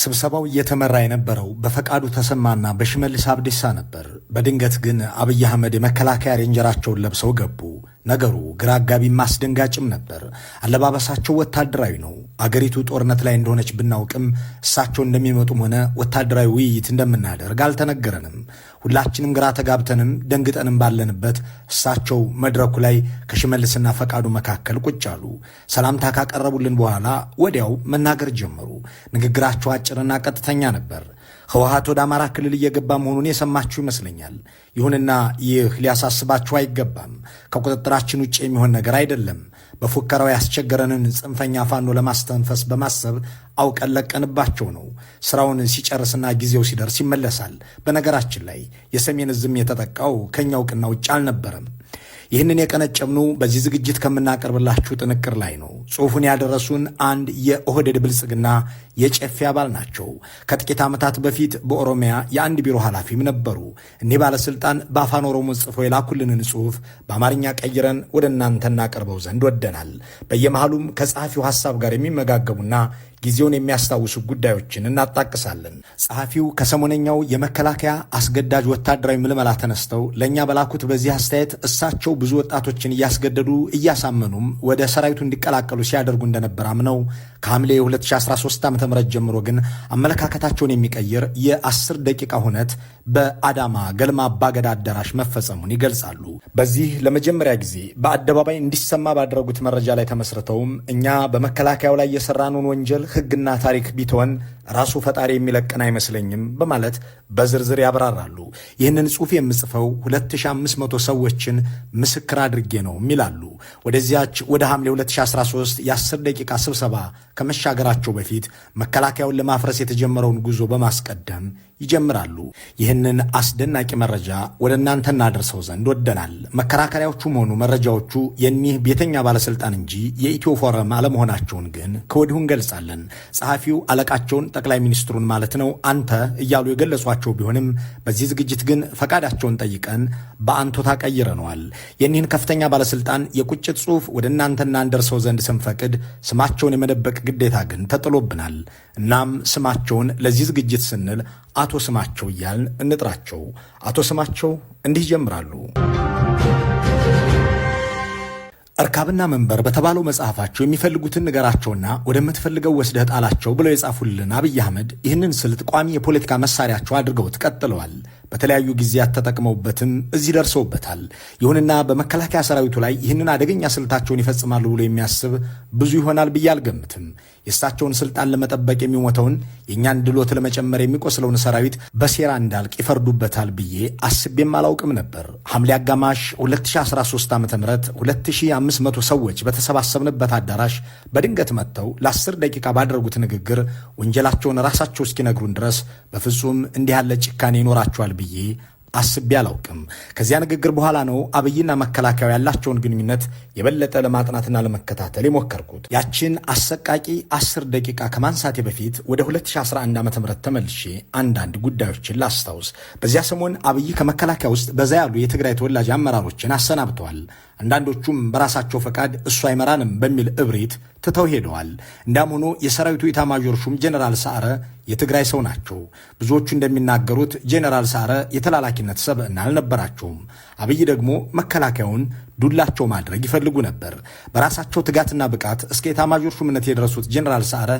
ስብሰባው እየተመራ የነበረው በፈቃዱ ተሰማና በሽመልስ አብዲሳ ነበር። በድንገት ግን አብይ አህመድ የመከላከያ ሬንጀራቸውን ለብሰው ገቡ። ነገሩ ግራ አጋቢም አስደንጋጭም ነበር። አለባበሳቸው ወታደራዊ ነው። አገሪቱ ጦርነት ላይ እንደሆነች ብናውቅም እሳቸው እንደሚመጡም ሆነ ወታደራዊ ውይይት እንደምናደርግ አልተነገረንም። ሁላችንም ግራ ተጋብተንም ደንግጠንም ባለንበት እሳቸው መድረኩ ላይ ከሽመልስና ፈቃዱ መካከል ቁጭ አሉ። ሰላምታ ካቀረቡልን በኋላ ወዲያው መናገር ጀመሩ። ንግግራቸው አጭርና ቀጥተኛ ነበር። ህወሀት ወደ አማራ ክልል እየገባ መሆኑን የሰማችሁ ይመስለኛል። ይሁንና ይህ ሊያሳስባችሁ አይገባም። ከቁጥጥራችን ውጭ የሚሆን ነገር አይደለም። በፉከራው ያስቸገረንን ጽንፈኛ ፋኖ ለማስተንፈስ በማሰብ አውቀን ለቀንባቸው ነው። ስራውን ሲጨርስና ጊዜው ሲደርስ ይመለሳል። በነገራችን ላይ የሰሜን ዝም የተጠቃው ከኛ እውቅና ውጭ አልነበረም። ይህንን የቀነጨምኑ በዚህ ዝግጅት ከምናቀርብላችሁ ጥንቅር ላይ ነው። ጽሑፉን ያደረሱን አንድ የኦህደድ ብልጽግና የጨፌ አባል ናቸው። ከጥቂት ዓመታት በፊት በኦሮሚያ የአንድ ቢሮ ኃላፊም ነበሩ። እኒህ ባለሥልጣን በአፋን ኦሮሞ ጽፎ የላኩልንን ጽሑፍ በአማርኛ ቀይረን ወደ እናንተ እናቀርበው ዘንድ ወደናል። በየመሃሉም ከጸሐፊው ሐሳብ ጋር የሚመጋገቡና ጊዜውን የሚያስታውሱ ጉዳዮችን እናጣቅሳለን። ጸሐፊው ከሰሞነኛው የመከላከያ አስገዳጅ ወታደራዊ ምልመላ ተነስተው ለእኛ በላኩት በዚህ አስተያየት እሳቸው ብዙ ወጣቶችን እያስገደዱ እያሳመኑም ወደ ሰራዊቱ እንዲቀላቀሉ ሲያደርጉ እንደነበር አምነው ከሐምሌ 2013 ዓ ም ጀምሮ ግን አመለካከታቸውን የሚቀይር የአስር ደቂቃ ሁነት በአዳማ ገልማ አባገዳ አዳራሽ መፈጸሙን ይገልጻሉ። በዚህ ለመጀመሪያ ጊዜ በአደባባይ እንዲሰማ ባደረጉት መረጃ ላይ ተመስርተውም እኛ በመከላከያው ላይ የሰራነውን ወንጀል ሕግና ታሪክ ቢተወን ራሱ ፈጣሪ የሚለቅን አይመስለኝም በማለት በዝርዝር ያብራራሉ። ይህንን ጽሑፍ የምጽፈው 2500 ሰዎችን ምስክር አድርጌ ነው ይላሉ። ወደዚያች ወደ ሐምሌ 2013 የ10 ደቂቃ ስብሰባ ከመሻገራቸው በፊት መከላከያውን ለማፍረስ የተጀመረውን ጉዞ በማስቀደም ይጀምራሉ። ይህንን አስደናቂ መረጃ ወደ እናንተ እናደርሰው ዘንድ ወደናል። መከራከሪያዎቹም ሆኑ መረጃዎቹ የኒህ ቤተኛ ባለስልጣን እንጂ የኢትዮ ፎረም አለመሆናቸውን ግን ከወዲሁ እንገልጻለን። ጸሐፊው አለቃቸውን ጠቅላይ ሚኒስትሩን ማለት ነው አንተ እያሉ የገለጿቸው ቢሆንም በዚህ ዝግጅት ግን ፈቃዳቸውን ጠይቀን በአንቶታ ቀይረነዋል። የኒህን ከፍተኛ ባለስልጣን የቁጭት ጽሑፍ ወደ እናንተ እናንደርሰው ዘንድ ስንፈቅድ ስማቸውን የመደበቅ ግዴታ ግን ተጥሎብናል። እናም ስማቸውን ለዚህ ዝግጅት ስንል አቶ ስማቸው እያልን እንጥራቸው። አቶ ስማቸው እንዲህ ይጀምራሉ። እርካብና መንበር በተባለው መጽሐፋቸው የሚፈልጉትን ንገራቸውና ወደምትፈልገው ወስደህ ጣላቸው ብለው የጻፉልን አብይ አህመድ ይህንን ስልት ቋሚ የፖለቲካ መሳሪያቸው አድርገውት ቀጥለዋል። በተለያዩ ጊዜያት ተጠቅመውበትም እዚህ ደርሰውበታል። ይሁንና በመከላከያ ሰራዊቱ ላይ ይህንን አደገኛ ስልታቸውን ይፈጽማሉ ብሎ የሚያስብ ብዙ ይሆናል ብዬ አልገምትም። የእሳቸውን ስልጣን ለመጠበቅ የሚሞተውን የእኛን ድሎት ለመጨመር የሚቆስለውን ሰራዊት በሴራ እንዳልቅ ይፈርዱበታል ብዬ አስቤም አላውቅም ነበር። ሐምሌ አጋማሽ 2013 ዓ ም 2500 ሰዎች በተሰባሰብንበት አዳራሽ በድንገት መጥተው ለ10 ደቂቃ ባደረጉት ንግግር ወንጀላቸውን ራሳቸው እስኪነግሩን ድረስ በፍጹም እንዲህ ያለ ጭካኔ ይኖራቸዋል ብዬ አስቤ አላውቅም። ከዚያ ንግግር በኋላ ነው አብይና መከላከያው ያላቸውን ግንኙነት የበለጠ ለማጥናትና ለመከታተል የሞከርኩት። ያችን አሰቃቂ አስር ደቂቃ ከማንሳቴ በፊት ወደ 2011 ዓ ም ተመልሼ አንዳንድ ጉዳዮችን ላስታውስ። በዚያ ሰሞን አብይ ከመከላከያ ውስጥ በዛ ያሉ የትግራይ ተወላጅ አመራሮችን አሰናብተዋል። አንዳንዶቹም በራሳቸው ፈቃድ እሱ አይመራንም በሚል እብሪት ትተው ሄደዋል። እንዳም ሆኖ የሰራዊቱ ኢታማዦር ሹም ጄኔራል የትግራይ ሰው ናቸው። ብዙዎቹ እንደሚናገሩት ጄኔራል ሳረ የተላላኪነት ሰብዕና አልነበራቸውም። አብይ ደግሞ መከላከያውን ዱላቸው ማድረግ ይፈልጉ ነበር። በራሳቸው ትጋትና ብቃት እስከ ኢታማዦር ሹምነት የደረሱት ጄኔራል ሳረ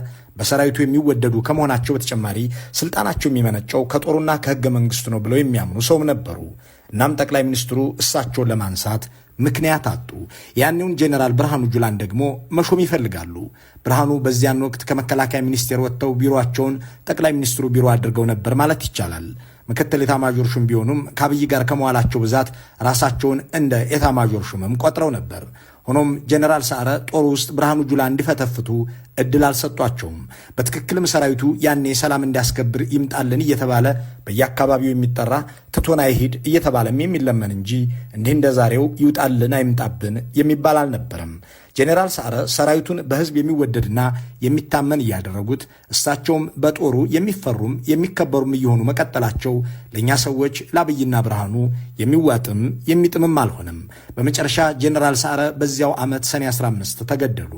በሰራዊቱ የሚወደዱ ከመሆናቸው በተጨማሪ ስልጣናቸው የሚመነጨው ከጦሩና ከህገ መንግስቱ ነው ብለው የሚያምኑ ሰውም ነበሩ። እናም ጠቅላይ ሚኒስትሩ እሳቸውን ለማንሳት ምክንያት አጡ። ያኔውን ጄኔራል ብርሃኑ ጁላን ደግሞ መሾም ይፈልጋሉ። ብርሃኑ በዚያን ወቅት ከመከላከያ ሚኒስቴር ወጥተው ቢሮቸውን ጠቅላይ ሚኒስትሩ ቢሮ አድርገው ነበር ማለት ይቻላል። ምክትል ኤታማዦር ሹም ቢሆኑም ከአብይ ጋር ከመዋላቸው ብዛት ራሳቸውን እንደ ኤታማዦር ሹምም ቆጥረው ነበር። ሆኖም ጀነራል ሳረ ጦር ውስጥ ብርሃኑ ጁላ እንዲፈተፍቱ እድል አልሰጧቸውም። በትክክልም ሰራዊቱ ያኔ ሰላም እንዲያስከብር ይምጣልን እየተባለ በየአካባቢው የሚጠራ ትቶና ይሂድ እየተባለም የሚለመን እንጂ እንዲህ እንደ ዛሬው ይውጣልን አይምጣብን የሚባል አልነበረም። ጄኔራል ሳረ ሰራዊቱን በህዝብ የሚወደድና የሚታመን እያደረጉት እሳቸውም በጦሩ የሚፈሩም የሚከበሩም እየሆኑ መቀጠላቸው ለእኛ ሰዎች ለአብይና ብርሃኑ የሚዋጥም የሚጥምም አልሆነም። በመጨረሻ ጄኔራል ሳረ በዚያው ዓመት ሰኔ 15 ተገደሉ።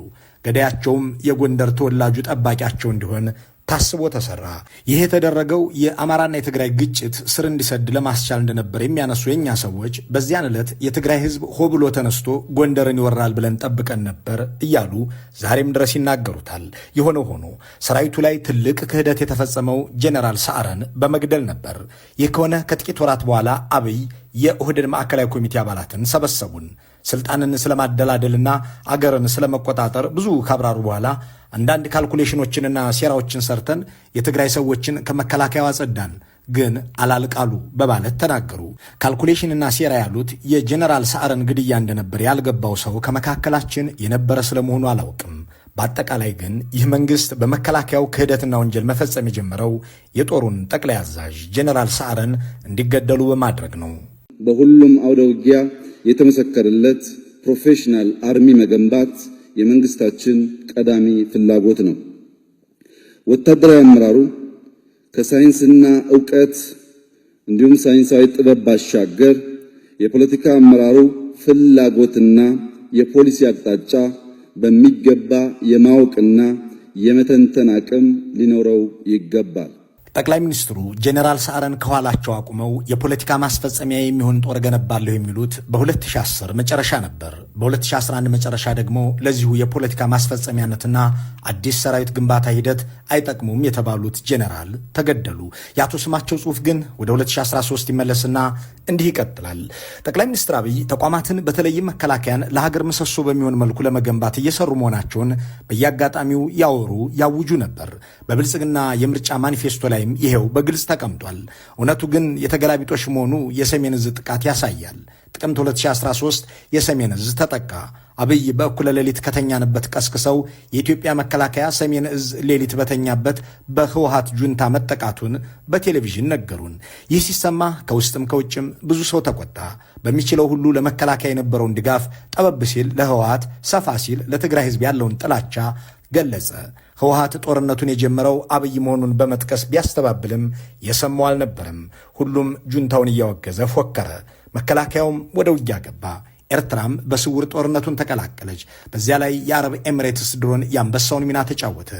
ገዳያቸውም የጎንደር ተወላጁ ጠባቂያቸው እንዲሆን ታስቦ ተሰራ። ይህ የተደረገው የአማራና የትግራይ ግጭት ስር እንዲሰድ ለማስቻል እንደነበር የሚያነሱ የእኛ ሰዎች በዚያን ዕለት የትግራይ ህዝብ ሆ ብሎ ተነስቶ ጎንደርን ይወራል ብለን ጠብቀን ነበር እያሉ ዛሬም ድረስ ይናገሩታል። የሆነ ሆኖ ሰራዊቱ ላይ ትልቅ ክህደት የተፈጸመው ጄኔራል ሰዓረን በመግደል ነበር። ይህ ከሆነ ከጥቂት ወራት በኋላ አብይ የኦህዴድ ማዕከላዊ ኮሚቴ አባላትን ሰበሰቡን። ስልጣንን ስለማደላደልና አገርን ስለመቆጣጠር ብዙ ካብራሩ በኋላ አንዳንድ ካልኩሌሽኖችንና ሴራዎችን ሰርተን የትግራይ ሰዎችን ከመከላከያው አጸዳን ግን አላልቃሉ በማለት ተናገሩ። ካልኩሌሽንና ሴራ ያሉት የጀነራል ሰዓረን ግድያ እንደነበር ያልገባው ሰው ከመካከላችን የነበረ ስለመሆኑ አላውቅም። በአጠቃላይ ግን ይህ መንግስት በመከላከያው ክህደትና ወንጀል መፈጸም የጀመረው የጦሩን ጠቅላይ አዛዥ ጀነራል ሰዓረን እንዲገደሉ በማድረግ ነው። በሁሉም አውደ ውጊያ የተመሰከረለት ፕሮፌሽናል አርሚ መገንባት የመንግስታችን ቀዳሚ ፍላጎት ነው። ወታደራዊ አመራሩ ከሳይንስና እውቀት እንዲሁም ሳይንሳዊ ጥበብ ባሻገር የፖለቲካ አመራሩ ፍላጎትና የፖሊሲ አቅጣጫ በሚገባ የማወቅና የመተንተን አቅም ሊኖረው ይገባል። ጠቅላይ ሚኒስትሩ ጄኔራል ሰዓረን ከኋላቸው አቁመው የፖለቲካ ማስፈጸሚያ የሚሆን ጦር ገነባለሁ የሚሉት በ2010 መጨረሻ ነበር። በ2011 መጨረሻ ደግሞ ለዚሁ የፖለቲካ ማስፈጸሚያነትና አዲስ ሰራዊት ግንባታ ሂደት አይጠቅሙም የተባሉት ጄኔራል ተገደሉ። የአቶ ስማቸው ጽሑፍ ግን ወደ 2013 ይመለስና እንዲህ ይቀጥላል። ጠቅላይ ሚኒስትር አብይ ተቋማትን በተለይም መከላከያን ለሀገር ምሰሶ በሚሆን መልኩ ለመገንባት እየሰሩ መሆናቸውን በየአጋጣሚው ያወሩ ያውጁ ነበር። በብልጽግና የምርጫ ማኒፌስቶ ላይ ላይም ይሄው በግልጽ ተቀምጧል። እውነቱ ግን የተገላቢጦሽ መሆኑ የሰሜን እዝ ጥቃት ያሳያል። ጥቅምት 2013 የሰሜን እዝ ተጠቃ። አብይ በእኩለ ሌሊት ከተኛንበት ቀስቅሰው የኢትዮጵያ መከላከያ ሰሜን እዝ ሌሊት በተኛበት በህወሀት ጁንታ መጠቃቱን በቴሌቪዥን ነገሩን። ይህ ሲሰማ ከውስጥም ከውጭም ብዙ ሰው ተቆጣ። በሚችለው ሁሉ ለመከላከያ የነበረውን ድጋፍ ጠበብ ሲል ለህወሀት ሰፋ ሲል ለትግራይ ህዝብ ያለውን ጥላቻ ገለጸ። ህወሀት ጦርነቱን የጀመረው አብይ መሆኑን በመጥቀስ ቢያስተባብልም የሰማው አልነበረም። ሁሉም ጁንታውን እያወገዘ ፎከረ። መከላከያውም ወደ ውጊያ ገባ። ኤርትራም በስውር ጦርነቱን ተቀላቀለች። በዚያ ላይ የአረብ ኤምሬትስ ድሮን የአንበሳውን ሚና ተጫወተ።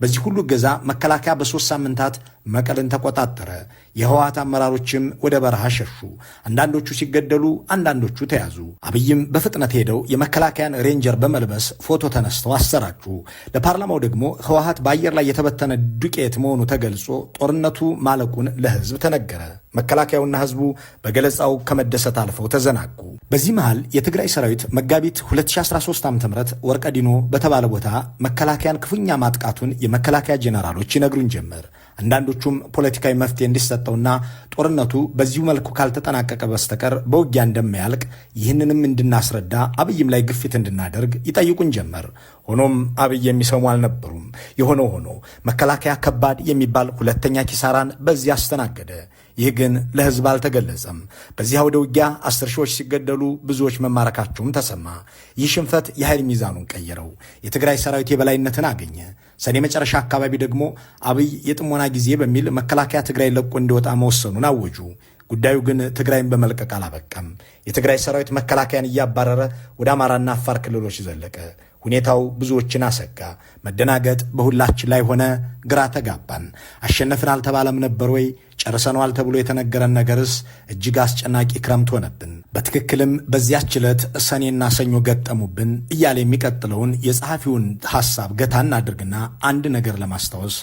በዚህ ሁሉ ገዛ መከላከያ በሶስት ሳምንታት መቀልን ተቆጣጠረ። የህወሓት አመራሮችም ወደ በረሃ ሸሹ። አንዳንዶቹ ሲገደሉ፣ አንዳንዶቹ ተያዙ። አብይም በፍጥነት ሄደው የመከላከያን ሬንጀር በመልበስ ፎቶ ተነስተው አሰራጩ። ለፓርላማው ደግሞ ህወሓት በአየር ላይ የተበተነ ዱቄት መሆኑ ተገልጾ ጦርነቱ ማለቁን ለህዝብ ተነገረ። መከላከያውና ህዝቡ በገለጻው ከመደሰት አልፈው ተዘናጉ። በዚህ መሃል የትግራይ ሰራዊት መጋቢት 2013 ዓ ም ወርቀ ዲኖ በተባለ ቦታ መከላከያን ክፉኛ ማጥቃቱን የመከላከያ ጄኔራሎች ይነግሩን ጀመር። አንዳንዶቹም ፖለቲካዊ መፍትሄ እንዲሰጠውና ጦርነቱ በዚሁ መልኩ ካልተጠናቀቀ በስተቀር በውጊያ እንደማያልቅ ይህንንም እንድናስረዳ አብይም ላይ ግፊት እንድናደርግ ይጠይቁን ጀመር። ሆኖም አብይ የሚሰሙ አልነበሩም። የሆነ ሆኖ መከላከያ ከባድ የሚባል ሁለተኛ ኪሳራን በዚህ አስተናገደ። ይህ ግን ለህዝብ አልተገለጸም። በዚህ አውደ ውጊያ አስር ሺዎች ሲገደሉ ብዙዎች መማረካቸውም ተሰማ። ይህ ሽንፈት የኃይል ሚዛኑን ቀየረው። የትግራይ ሰራዊት የበላይነትን አገኘ። ሰኔ መጨረሻ አካባቢ ደግሞ አብይ የጥሞና ጊዜ በሚል መከላከያ ትግራይ ለቆ እንዲወጣ መወሰኑን አወጁ። ጉዳዩ ግን ትግራይን በመልቀቅ አላበቀም። የትግራይ ሰራዊት መከላከያን እያባረረ ወደ አማራና አፋር ክልሎች ዘለቀ። ሁኔታው ብዙዎችን አሰጋ። መደናገጥ በሁላችን ላይ ሆነ። ግራ ተጋባን። አሸነፍን አልተባለም ነበር ወይ? ጨርሰነዋል ተብሎ የተነገረን ነገርስ እጅግ አስጨናቂ ክረምት ሆነብን። በትክክልም በዚያች ዕለት ሰኔና ሰኞ ገጠሙብን እያለ የሚቀጥለውን የጸሐፊውን ሐሳብ ገታ እናድርግና አንድ ነገር ለማስታወስ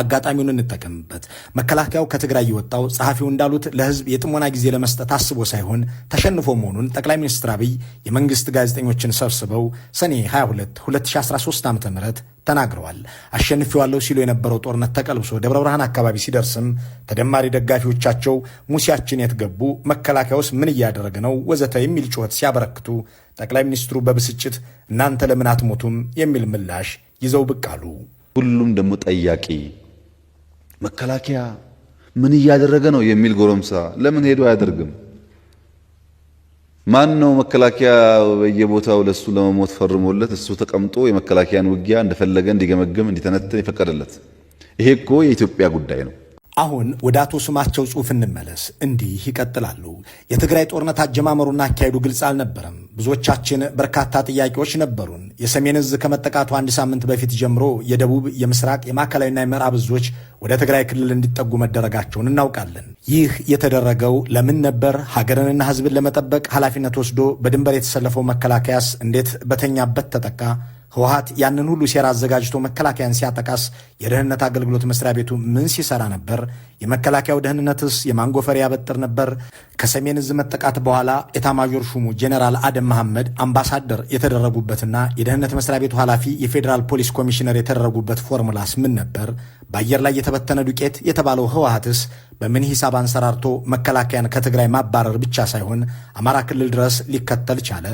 አጋጣሚውን እንጠቀምበት። መከላከያው ከትግራይ የወጣው ጸሐፊው እንዳሉት ለህዝብ የጥሞና ጊዜ ለመስጠት አስቦ ሳይሆን ተሸንፎ መሆኑን ጠቅላይ ሚኒስትር አብይ የመንግስት ጋዜጠኞችን ሰብስበው ሰኔ 22 2013 ዓ ም ተናግረዋል። አሸንፊዋለሁ ሲሉ የነበረው ጦርነት ተቀልብሶ ደብረ ብርሃን አካባቢ ሲደርስም ተደማሪ ደጋፊዎቻቸው ሙሲያችን የት ገቡ፣ መከላከያ ውስጥ ምን እያደረገ ነው ወዘተ የሚል ጩኸት ሲያበረክቱ ጠቅላይ ሚኒስትሩ በብስጭት እናንተ ለምን አትሞቱም የሚል ምላሽ ይዘው ብቅ አሉ። ሁሉም ደግሞ ጠያቂ መከላከያ ምን እያደረገ ነው የሚል ጎረምሳ ለምን ሄዶ አያደርግም? ማን ነው መከላከያ በየቦታው ለሱ ለመሞት ፈርሞለት እሱ ተቀምጦ የመከላከያን ውጊያ እንደፈለገ እንዲገመግም እንዲተነትን የፈቀደለት? ይሄ እኮ የኢትዮጵያ ጉዳይ ነው። አሁን ወደ አቶ ስማቸው ጽሁፍ እንመለስ። እንዲህ ይቀጥላሉ። የትግራይ ጦርነት አጀማመሩና አካሄዱ ግልጽ አልነበረም። ብዙዎቻችን በርካታ ጥያቄዎች ነበሩን። የሰሜን እዝ ከመጠቃቱ አንድ ሳምንት በፊት ጀምሮ የደቡብ፣ የምስራቅ፣ የማዕከላዊና የምዕራብ እዞች ወደ ትግራይ ክልል እንዲጠጉ መደረጋቸውን እናውቃለን። ይህ የተደረገው ለምን ነበር? ሀገርንና ህዝብን ለመጠበቅ ኃላፊነት ወስዶ በድንበር የተሰለፈው መከላከያስ እንዴት በተኛበት ተጠቃ? ህወሀት ያንን ሁሉ ሴራ አዘጋጅቶ መከላከያን ሲያጠቃስ የደህንነት አገልግሎት መስሪያ ቤቱ ምን ሲሰራ ነበር? የመከላከያው ደህንነትስ የማንጎፈር ያበጥር ነበር? ከሰሜን እዝ መጠቃት በኋላ ኤታማዦር ሹሙ ጄኔራል አደም መሐመድ አምባሳደር የተደረጉበትና የደህንነት መስሪያ ቤቱ ኃላፊ የፌዴራል ፖሊስ ኮሚሽነር የተደረጉበት ፎርሙላስ ምን ነበር? በአየር ላይ የተበተነ ዱቄት የተባለው ህወሀትስ በምን ሂሳብ አንሰራርቶ መከላከያን ከትግራይ ማባረር ብቻ ሳይሆን አማራ ክልል ድረስ ሊከተል ቻለ?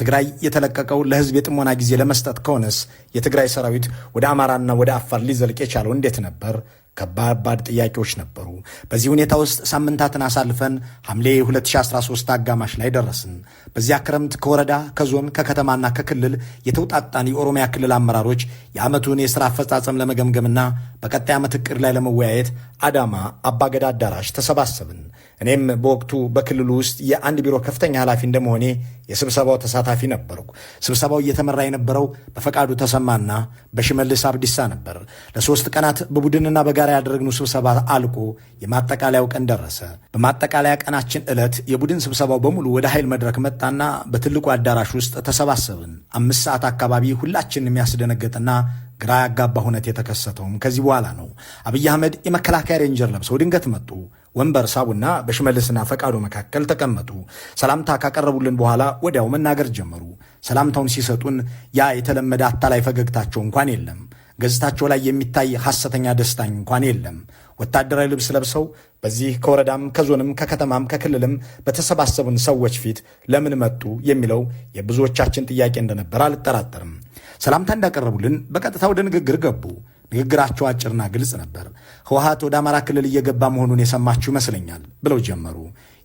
ትግራይ የተለቀቀው ለህዝብ የጥሞና ጊዜ ለመስጠት ከሆነስ የትግራይ ሰራዊት ወደ አማራና ወደ አፋር ሊዘልቅ የቻለው እንዴት ነበር? ከባባድ ጥያቄዎች ነበሩ። በዚህ ሁኔታ ውስጥ ሳምንታትን አሳልፈን ሐምሌ 2013 አጋማሽ ላይ ደረስን። በዚያ ክረምት ከወረዳ ከዞን ከከተማና ከክልል የተውጣጣን የኦሮሚያ ክልል አመራሮች የዓመቱን የሥራ አፈጻጸም ለመገምገምና በቀጣይ ዓመት እቅድ ላይ ለመወያየት አዳማ አባገዳ አዳራሽ ተሰባሰብን። እኔም በወቅቱ በክልሉ ውስጥ የአንድ ቢሮ ከፍተኛ ኃላፊ እንደመሆኔ የስብሰባው ተሳታፊ ነበርኩ። ስብሰባው እየተመራ የነበረው በፈቃዱ ተሰ ተሰማና በሽመልስ አብዲሳ ነበር። ለሶስት ቀናት በቡድንና በጋራ ያደረግነው ስብሰባ አልቆ የማጠቃለያው ቀን ደረሰ። በማጠቃለያ ቀናችን ዕለት የቡድን ስብሰባው በሙሉ ወደ ኃይል መድረክ መጣና በትልቁ አዳራሽ ውስጥ ተሰባሰብን። አምስት ሰዓት አካባቢ ሁላችንን የሚያስደነገጥና ግራ ያጋባ ሁነት የተከሰተውም ከዚህ በኋላ ነው። አብይ አህመድ የመከላከያ ሬንጀር ለብሰው ድንገት መጡ። ወንበር ሳቡና በሽመልስና ፈቃዱ መካከል ተቀመጡ። ሰላምታ ካቀረቡልን በኋላ ወዲያው መናገር ጀመሩ። ሰላምታውን ሲሰጡን ያ የተለመደ አታላይ ፈገግታቸው እንኳን የለም። ገጽታቸው ላይ የሚታይ ሐሰተኛ ደስታኝ እንኳን የለም። ወታደራዊ ልብስ ለብሰው በዚህ ከወረዳም ከዞንም ከከተማም ከክልልም በተሰባሰቡን ሰዎች ፊት ለምን መጡ የሚለው የብዙዎቻችን ጥያቄ እንደነበር አልጠራጠርም። ሰላምታ እንዳቀረቡልን በቀጥታ ወደ ንግግር ገቡ። ንግግራቸው አጭርና ግልጽ ነበር። ህወሀት ወደ አማራ ክልል እየገባ መሆኑን የሰማችሁ ይመስለኛል ብለው ጀመሩ።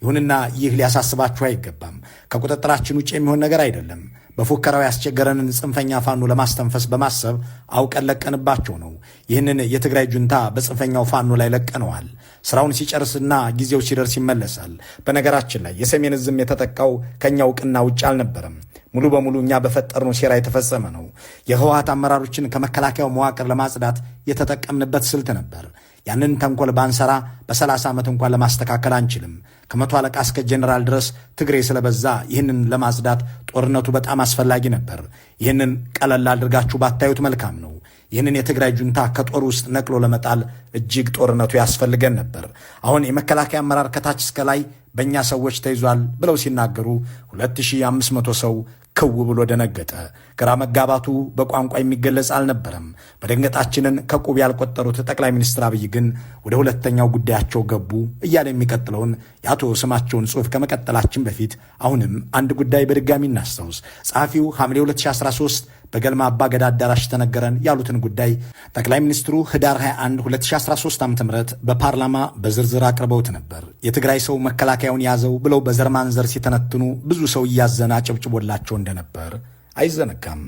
ይሁንና ይህ ሊያሳስባችሁ አይገባም። ከቁጥጥራችን ውጭ የሚሆን ነገር አይደለም። በፉከራው ያስቸገረንን ጽንፈኛ ፋኖ ለማስተንፈስ በማሰብ አውቀን ለቀንባቸው ነው። ይህንን የትግራይ ጁንታ በጽንፈኛው ፋኖ ላይ ለቀነዋል። ስራውን ሲጨርስና ጊዜው ሲደርስ ይመለሳል። በነገራችን ላይ የሰሜን ዝም የተጠቃው ከእኛ እውቅና ውጭ አልነበረም። ሙሉ በሙሉ እኛ በፈጠርነው ሴራ የተፈጸመ ነው። የህወሀት አመራሮችን ከመከላከያው መዋቅር ለማጽዳት የተጠቀምንበት ስልት ነበር። ያንን ተንኮል ባንሰራ በሰላሳ ዓመት እንኳን ለማስተካከል አንችልም። ከመቶ አለቃ እስከ ጀኔራል ድረስ ትግሬ ስለበዛ ይህንን ለማጽዳት ጦርነቱ በጣም አስፈላጊ ነበር። ይህንን ቀለል አድርጋችሁ ባታዩት መልካም ነው። ይህንን የትግራይ ጁንታ ከጦር ውስጥ ነቅሎ ለመጣል እጅግ ጦርነቱ ያስፈልገን ነበር። አሁን የመከላከያ አመራር ከታች እስከ ላይ በእኛ ሰዎች ተይዟል ብለው ሲናገሩ 2500 ሰው ክው ብሎ ደነገጠ። ግራ መጋባቱ በቋንቋ የሚገለጽ አልነበረም። በደንገጣችንን ከቁብ ያልቆጠሩት ጠቅላይ ሚኒስትር አብይ ግን ወደ ሁለተኛው ጉዳያቸው ገቡ እያለ የሚቀጥለውን የአቶ ስማቸውን ጽሑፍ ከመቀጠላችን በፊት አሁንም አንድ ጉዳይ በድጋሚ እናስታውስ። ጸሐፊው ሐምሌ 2013 በገልማ አባገዳ አዳራሽ ተነገረን ያሉትን ጉዳይ ጠቅላይ ሚኒስትሩ ህዳር 21 2013 ዓ ም በፓርላማ በዝርዝር አቅርበውት ነበር። የትግራይ ሰው መከላከያውን ያዘው ብለው በዘር ማንዘር ሲተነትኑ ብዙ ሰው እያዘነ አጨብጭቦላቸው እንደነበር አይዘነጋም።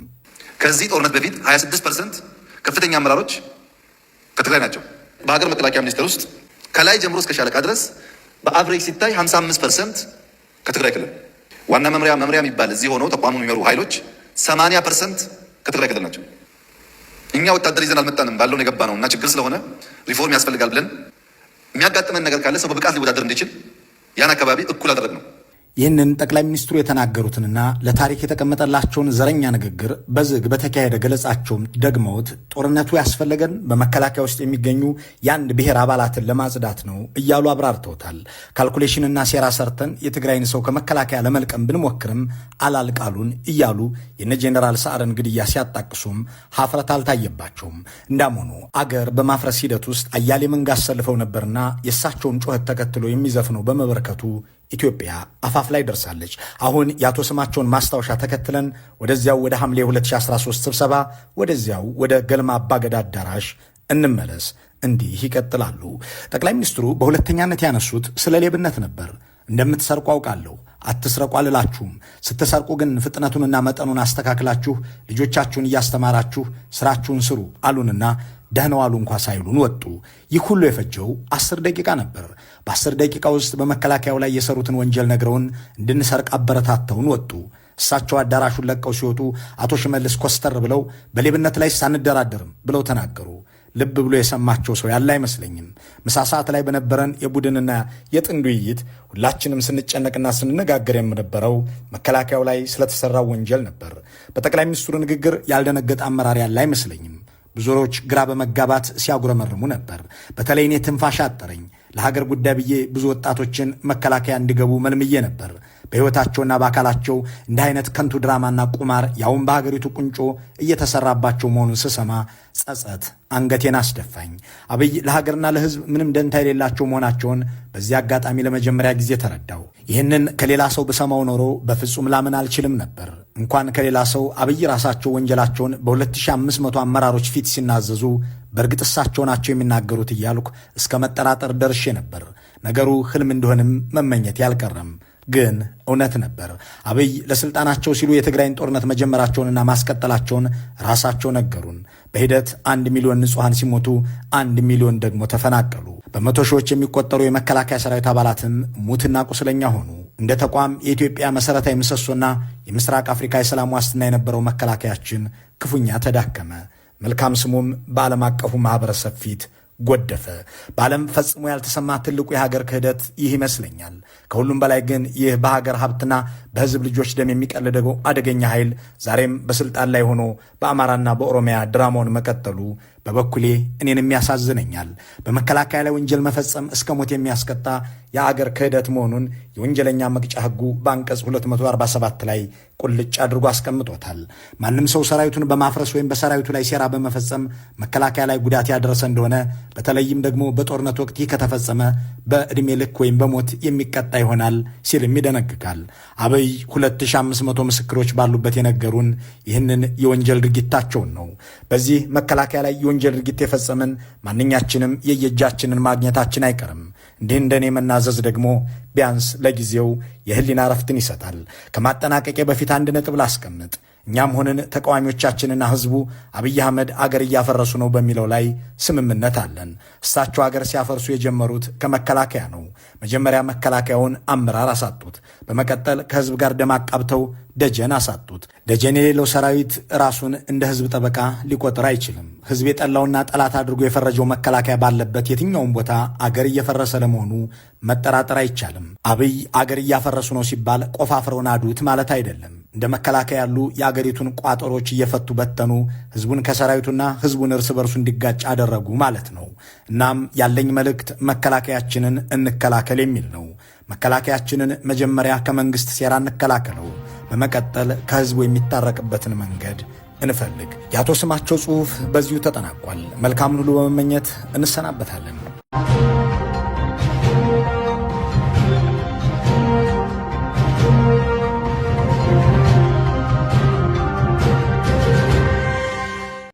ከዚህ ጦርነት በፊት 26 ፐርሰንት ከፍተኛ አመራሮች ከትግራይ ናቸው። በሀገር መከላከያ ሚኒስቴር ውስጥ ከላይ ጀምሮ እስከ ሻለቃ ድረስ በአብሬጅ ሲታይ 55 ፐርሰንት ከትግራይ ክልል ዋና መምሪያ መምሪያ የሚባል እዚህ ሆነው ተቋሙ የሚመሩ ኃይሎች ሰማንያ ፐርሰንት ከትግራይ ክልል ናቸው። እኛ ወታደር ይዘን አልመጣንም ባለው የገባ ነው እና ችግር ስለሆነ ሪፎርም ያስፈልጋል ብለን የሚያጋጥመን ነገር ካለ ሰው በብቃት ሊወዳደር እንዲችል ያን አካባቢ እኩል አደረግ ነው። ይህንን ጠቅላይ ሚኒስትሩ የተናገሩትንና ለታሪክ የተቀመጠላቸውን ዘረኛ ንግግር በዝግ በተካሄደ ገለጻቸውም ደግመውት ጦርነቱ ያስፈለገን በመከላከያ ውስጥ የሚገኙ የአንድ ብሔር አባላትን ለማጽዳት ነው እያሉ አብራርተውታል። ካልኩሌሽንና ሴራ ሰርተን የትግራይን ሰው ከመከላከያ ለመልቀም ብንሞክርም አላልቃሉን እያሉ የነ ጄኔራል ሰዓርን ግድያ ሲያጣቅሱም ሀፍረት አልታየባቸውም። እንዳም ሆኖ አገር በማፍረስ ሂደት ውስጥ አያሌ መንጋ አሰልፈው ነበርና የእሳቸውን ጩኸት ተከትሎ የሚዘፍነው በመበረከቱ ኢትዮጵያ አፋፍ ላይ ደርሳለች። አሁን የአቶ ስማቸውን ማስታወሻ ተከትለን ወደዚያው ወደ ሐምሌ 2013 ስብሰባ ወደዚያው ወደ ገልማ አባገዳ አዳራሽ እንመለስ። እንዲህ ይቀጥላሉ። ጠቅላይ ሚኒስትሩ በሁለተኛነት ያነሱት ስለ ሌብነት ነበር። እንደምትሰርቁ አውቃለሁ፣ አትስረቁ አልላችሁም። ስትሰርቁ ግን ፍጥነቱንና መጠኑን አስተካክላችሁ ልጆቻችሁን እያስተማራችሁ ስራችሁን ስሩ አሉንና ደህነዋሉ እንኳ ሳይሉን ወጡ። ይህ ሁሉ የፈጀው አስር ደቂቃ ነበር። በአስር ደቂቃ ውስጥ በመከላከያው ላይ የሰሩትን ወንጀል ነግረውን እንድንሰርቅ አበረታተውን ወጡ። እሳቸው አዳራሹን ለቀው ሲወጡ አቶ ሽመልስ ኮስተር ብለው በሌብነት ላይ ሳንደራደርም ብለው ተናገሩ። ልብ ብሎ የሰማቸው ሰው ያለ አይመስለኝም። ምሳ ሰዓት ላይ በነበረን የቡድንና የጥንድ ውይይት ሁላችንም ስንጨነቅና ስንነጋገር የምነበረው መከላከያው ላይ ስለተሰራው ወንጀል ነበር። በጠቅላይ ሚኒስትሩ ንግግር ያልደነገጠ አመራር ያለ አይመስለኝም። ብዙዎች ግራ በመጋባት ሲያጉረመርሙ ነበር። በተለይ እኔ ትንፋሽ አጠረኝ። ለሀገር ጉዳይ ብዬ ብዙ ወጣቶችን መከላከያ እንዲገቡ መልምዬ ነበር። በሕይወታቸውና በአካላቸው እንዲህ አይነት ከንቱ ድራማና ቁማር ያውም በሀገሪቱ ቁንጮ እየተሰራባቸው መሆኑን ስሰማ ጸጸት አንገቴን አስደፋኝ። አብይ ለሀገርና ለሕዝብ ምንም ደንታ የሌላቸው መሆናቸውን በዚህ አጋጣሚ ለመጀመሪያ ጊዜ ተረዳው። ይህንን ከሌላ ሰው ብሰማው ኖሮ በፍጹም ላምን አልችልም ነበር። እንኳን ከሌላ ሰው አብይ ራሳቸው ወንጀላቸውን በ2500 አመራሮች ፊት ሲናዘዙ በእርግጥ እሳቸው ናቸው የሚናገሩት እያልኩ እስከ መጠራጠር ደርሼ ነበር። ነገሩ ህልም እንደሆንም መመኘት ያልቀረም ግን እውነት ነበር። አብይ ለስልጣናቸው ሲሉ የትግራይን ጦርነት መጀመራቸውንና ማስቀጠላቸውን ራሳቸው ነገሩን። በሂደት አንድ ሚሊዮን ንጹሐን ሲሞቱ፣ አንድ ሚሊዮን ደግሞ ተፈናቀሉ። በመቶ ሺዎች የሚቆጠሩ የመከላከያ ሰራዊት አባላትም ሙትና ቁስለኛ ሆኑ። እንደ ተቋም የኢትዮጵያ መሠረታዊ ምሰሶና የምስራቅ አፍሪካ የሰላም ዋስትና የነበረው መከላከያችን ክፉኛ ተዳከመ። መልካም ስሙም በዓለም አቀፉ ማኅበረሰብ ፊት ጎደፈ። በዓለም ፈጽሞ ያልተሰማ ትልቁ የሀገር ክህደት ይህ ይመስለኛል። ከሁሉም በላይ ግን ይህ በሀገር ሀብትና በህዝብ ልጆች ደም የሚቀልደው አደገኛ ኃይል ዛሬም በስልጣን ላይ ሆኖ በአማራና በኦሮሚያ ድራማውን መቀጠሉ በበኩሌ እኔንም ያሳዝነኛል። በመከላከያ ላይ ወንጀል መፈጸም እስከ ሞት የሚያስቀጣ የአገር ክህደት መሆኑን የወንጀለኛ መቅጫ ህጉ በአንቀጽ 247 ላይ ቁልጭ አድርጎ አስቀምጦታል። ማንም ሰው ሰራዊቱን በማፍረስ ወይም በሰራዊቱ ላይ ሴራ በመፈጸም መከላከያ ላይ ጉዳት ያደረሰ እንደሆነ በተለይም ደግሞ በጦርነት ወቅት ይህ ከተፈጸመ በዕድሜ ልክ ወይም በሞት የሚቀጣ ይሆናል ሲልም ይደነግጋል። አብይ 2500 ምስክሮች ባሉበት የነገሩን ይህንን የወንጀል ድርጊታቸውን ነው። በዚህ መከላከያ ላይ የወንጀል ድርጊት የፈጸምን ማንኛችንም የየእጃችንን ማግኘታችን አይቀርም። እንዲህ እንደኔ መናዘዝ ደግሞ ቢያንስ ለጊዜው የህሊና እረፍትን ይሰጣል። ከማጠናቀቄ በፊት አንድ ነጥብ ላስቀምጥ። እኛም ሆንን ተቃዋሚዎቻችንና ህዝቡ አብይ አህመድ አገር እያፈረሱ ነው በሚለው ላይ ስምምነት አለን። እሳቸው አገር ሲያፈርሱ የጀመሩት ከመከላከያ ነው። መጀመሪያ መከላከያውን አመራር አሳጡት። በመቀጠል ከህዝብ ጋር ደም አቃብተው ደጀን አሳጡት። ደጀን የሌለው ሰራዊት ራሱን እንደ ህዝብ ጠበቃ ሊቆጥር አይችልም። ህዝብ የጠላውና ጠላት አድርጎ የፈረጀው መከላከያ ባለበት የትኛውም ቦታ አገር እየፈረሰ ለመሆኑ መጠራጠር አይቻልም። አብይ አገር እያፈረሱ ነው ሲባል ቆፋፍረውን አዱት ማለት አይደለም። እንደ መከላከያ ያሉ የአገሪቱን ቋጠሮች እየፈቱ በተኑ፣ ህዝቡን ከሰራዊቱና ህዝቡን እርስ በርሱ እንዲጋጭ አደረጉ ማለት ነው። እናም ያለኝ መልእክት መከላከያችንን እንከላከል የሚል ነው። መከላከያችንን መጀመሪያ ከመንግሥት ሴራ እንከላከለው፣ በመቀጠል ከህዝቡ የሚታረቅበትን መንገድ እንፈልግ። የአቶ ስማቸው ጽሑፍ በዚሁ ተጠናቋል። መልካምን ሁሉ በመመኘት እንሰናበታለን።